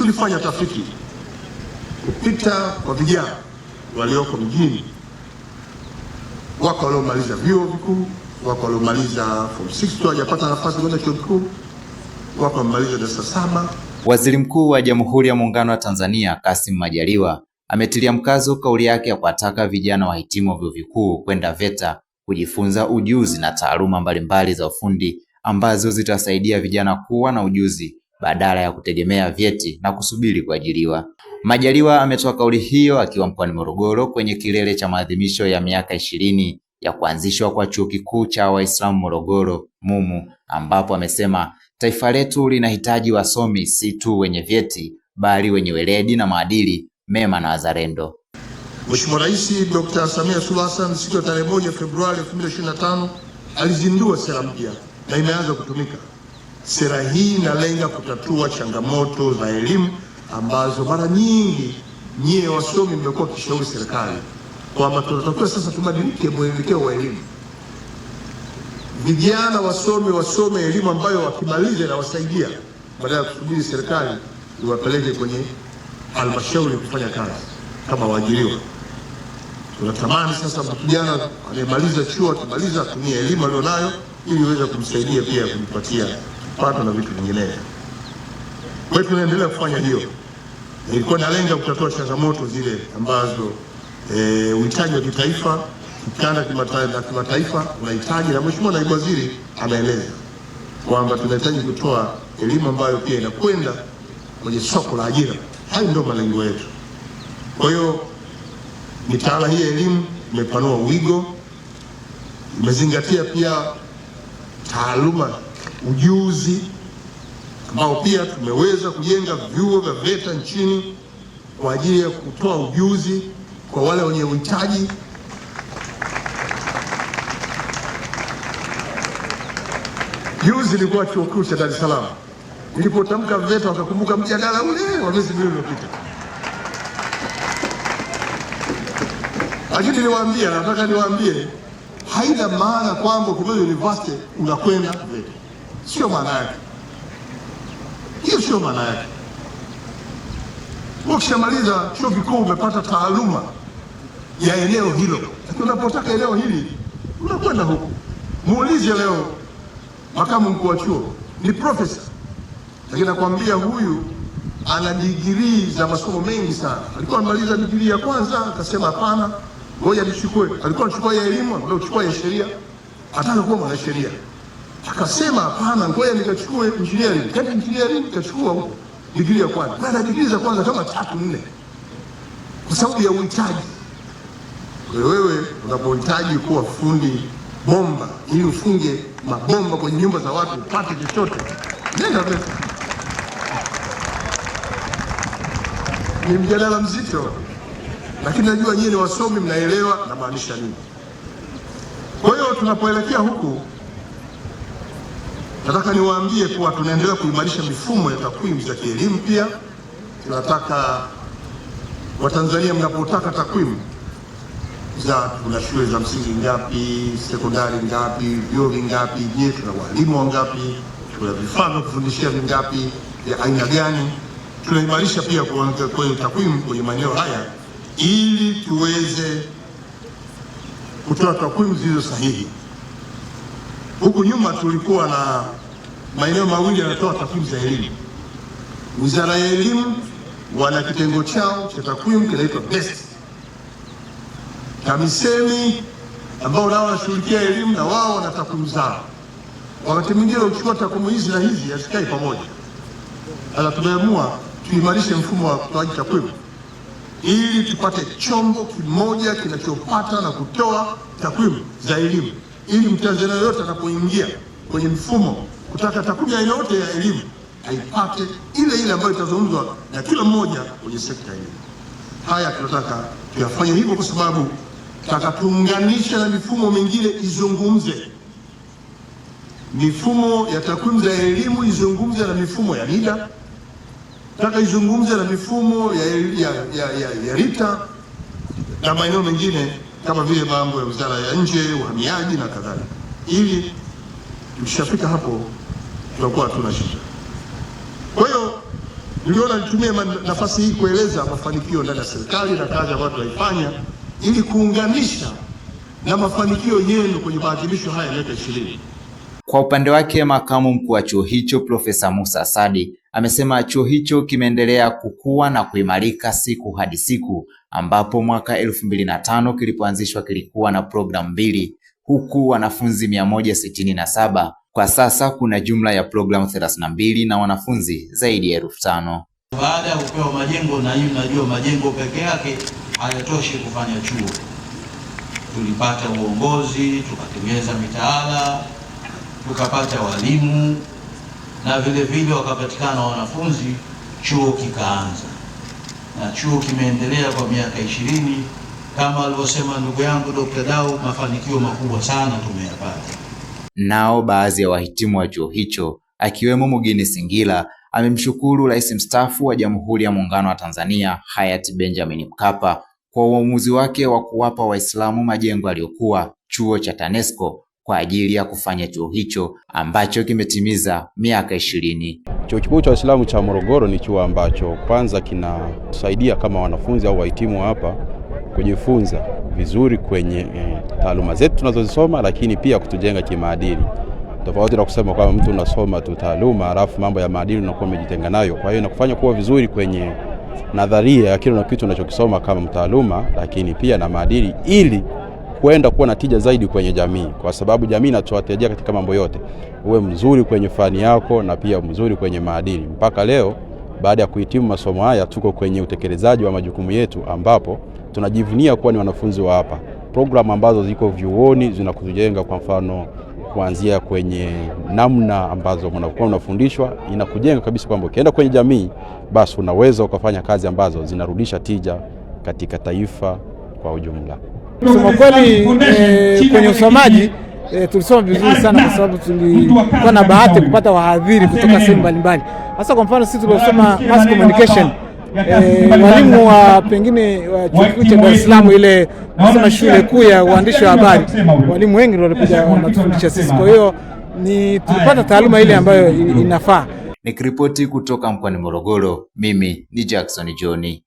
tulifanya tafiti kupita kwa vijana walioko mjini, wako waliomaliza vyuo vikuu, wako waliomaliza form 6 hawajapata nafasi kwenda chuo kikuu, wako wamemaliza darasa saba. Waziri Mkuu wa Jamhuri ya Muungano wa Tanzania Kassim Majaliwa ametilia mkazo kauli yake ya kuwataka vijana wahitimu wa vyuo vikuu kwenda VETA kujifunza ujuzi na taaluma mbalimbali za ufundi ambazo zitawasaidia vijana kuwa na ujuzi badala ya kutegemea vyeti na kusubiri kuajiriwa. Majaliwa ametoa kauli hiyo akiwa mkoani Morogoro kwenye kilele cha maadhimisho ya miaka ishirini ya kuanzishwa kwa Chuo Kikuu cha Waislamu Morogoro MUMU, ambapo amesema taifa letu linahitaji wasomi si tu wenye vyeti bali wenye weledi na maadili mema na wazalendo. Mheshimiwa Rais Dr. Samia Suluhu Hassan siku ya tarehe moja Februari 2025 alizindua sera mpya na imeanza kutumika. Sera hii inalenga kutatua changamoto za elimu ambazo mara nyingi nyie wasomi mmekuwa kishauri serikali kwamba tunatakiwa sasa tubadilike mwelekeo wa elimu. Vijana wasomi wasome elimu ambayo wakimaliza inawasaidia badala ya kusubiri serikali iwapeleke kwenye halmashauri kufanya kazi kama waajiriwa. Tunatamani sasa kijana anayemaliza chuo akimaliza atumie elimu alionayo ili iweze kumsaidia pia kujipatia mapato na vitu vinginevyo. Kwa hiyo tunaendelea kufanya hiyo. Ilikuwa na lenga kutatua changamoto zile ambazo eh, uhitaji wa kitaifa kikanda na kimataifa unahitaji, na mheshimiwa naibu waziri ameeleza kwamba tunahitaji kutoa elimu ambayo pia inakwenda kwenye soko la ajira. Hayo ndio malengo yetu. Kwa hiyo mitaala hii ya elimu imepanua wigo, imezingatia pia taaluma ujuzi ambao pia tumeweza kujenga vyuo vya VETA nchini kwa ajili ya kutoa ujuzi kwa wale wenye uhitaji Juzi ilikuwa chuo kikuu cha Dar es Salaam, nilipotamka VETA wakakumbuka mjadala ule wa miezi miwili iliyopita, lakini niwaambie, nataka niwaambie haina maana kwamba ukibeba university unakwenda VETA sio maana yake hiyo, sio maana yake. Ukishamaliza chuo kikuu umepata taaluma ya eneo hilo, lakini unapotaka eneo hili unakwenda huku. Muulize leo makamu mkuu wa chuo ni profesa, lakini nakwambia huyu ana digrii za masomo mengi sana. Alikuwa anamaliza digrii ya kwanza akasema hapana, ngoja nichukue. Alikuwa anachukua ya elimu, anachukua ya sheria, ataka kuwa mwanasheria akasema hapana, ngoja nikachukue engineering. Kati yaani engineering nikachukua digrii ya kwanza, kwa na digrii za kwanza kama tatu nne, kwa sababu ya uhitaji. Wewe unapohitaji kuwa fundi bomba ili ufunge mabomba kwenye nyumba za watu upate chochote, nenda VETA. Ni mjadala mzito, lakini najua nyie ni wasomi, mnaelewa namaanisha nini. Kwa hiyo tunapoelekea huku Nataka niwaambie kuwa tunaendelea kuimarisha mifumo ya takwimu za kielimu. Pia tunataka Watanzania, mnapotaka takwimu za kuna shule za msingi ngapi, sekondari ngapi, vyuo vingapi, je, tuna walimu wangapi, tuna vifaa vya kufundishia vingapi, ya aina gani? Tunaimarisha pia kwenye takwimu kwenye maeneo haya ili tuweze kutoa takwimu zilizo sahihi. Huku nyuma tulikuwa na maeneo mawili yanatoa takwimu za elimu. Wizara ya Elimu wana kitengo chao cha takwimu kinaitwa BEST. TAMISEMI ambao nao wanashughulikia elimu na wao wana takwimu zao. Wakati mwingine uchukua takwimu hizi na hizi hazikai pamoja. ala tumeamua tuimarishe mfumo wa utoaji takwimu ili tupate chombo kimoja kinachopata na kutoa takwimu za elimu ili Mtanzania yoyote anapoingia kwenye mfumo kutaka takwimu yoyote ya elimu aipate ile ile ambayo itazungumzwa na kila mmoja kwenye sekta hii. Haya tunataka tuyafanye hivyo kwa sababu tunataka tuunganishe na mifumo mingine izungumze, mifumo ya takwimu za elimu izungumze na mifumo ya NIDA, tunataka izungumze na mifumo ya, ya, ya, ya, ya RITA na maeneo mengine kama vile mambo ya wizara ya nje, uhamiaji na kadhalika, ili tukishafika hapo tutakuwa hatuna shida. Kwa hiyo niliona nitumie nafasi hii kueleza mafanikio ndani ya serikali na kazi ambayo tunaifanya ili kuunganisha na mafanikio yenu kwenye maadhimisho haya ya miaka ishirini. Kwa upande wake makamu mkuu wa chuo hicho Profesa Musa Asadi amesema chuo hicho kimeendelea kukua na kuimarika siku hadi siku, ambapo mwaka elfu mbili na tano kilipoanzishwa kilikuwa na programu mbili, huku wanafunzi mia moja sitini na saba kwa sasa kuna jumla ya programu 32 na wanafunzi zaidi ya elfu tano. Baada ya kupewa majengo, na hii unajua majengo peke yake hayatoshi kufanya chuo. Tulipata uongozi, tukatengeza mitaala, tukapata walimu na vile vile wakapatikana wanafunzi, chuo kikaanza, na chuo kimeendelea kwa miaka ishirini kama alivyosema ndugu yangu Dr. Dau, mafanikio makubwa sana tumeyapata. Nao baadhi ya wahitimu wa chuo hicho akiwemo Mugini Singila amemshukuru Rais mstaafu wa Jamhuri ya Muungano wa Tanzania hayati Benjamin Mkapa kwa uamuzi wake wa kuwapa Waislamu majengo aliyokuwa chuo cha TANESCO kwa ajili ya kufanya chuo hicho ambacho kimetimiza miaka ishirini. Chuo kikuu cha Waislamu cha Morogoro ni chuo ambacho kwanza kinasaidia kama wanafunzi au wahitimu hapa kujifunza vizuri kwenye e, taaluma zetu tunazozisoma, lakini pia kutujenga kimaadili, tofauti na kusema kwamba mtu unasoma tu taaluma alafu mambo ya maadili unakuwa umejitenga nayo. Kwa hiyo inakufanya kuwa vizuri kwenye nadharia ya kile kitu unachokisoma kama mtaaluma, lakini pia na maadili, ili kwenda kuwa na tija zaidi kwenye jamii, kwa sababu jamii inatuwatejea katika mambo yote. Uwe mzuri kwenye fani yako na pia mzuri kwenye maadili. Mpaka leo baada ya kuhitimu masomo haya, tuko kwenye utekelezaji wa majukumu yetu ambapo tunajivunia kuwa ni wanafunzi wa hapa. Programu ambazo ziko vyuoni zinakujenga, kwa mfano kuanzia kwenye namna ambazo mnakuwa unafundishwa inakujenga kabisa, kwamba ukienda kwenye jamii basi unaweza ukafanya kazi ambazo zinarudisha tija katika taifa kwa ujumla. Kusema kweli, eh, eh, kwenye usomaji e, tulisoma vizuri sana kwa sababu tulikuwa na bahati kupata wahadhiri kutoka sehemu mbalimbali, hasa kwa mfano sisi tuliosoma mass communication Eh, mwalimu wa pengine wa chuo kikuu cha Dar es Salaam, ile nasema shule kuu ya uandishi wa habari, walimu wengi ndio walikuja wanatufundisha sisi, kwa hiyo ni tulipata taaluma ile ambayo inafaa. Nikiripoti kutoka mkoani Morogoro, mimi ni Jackson John.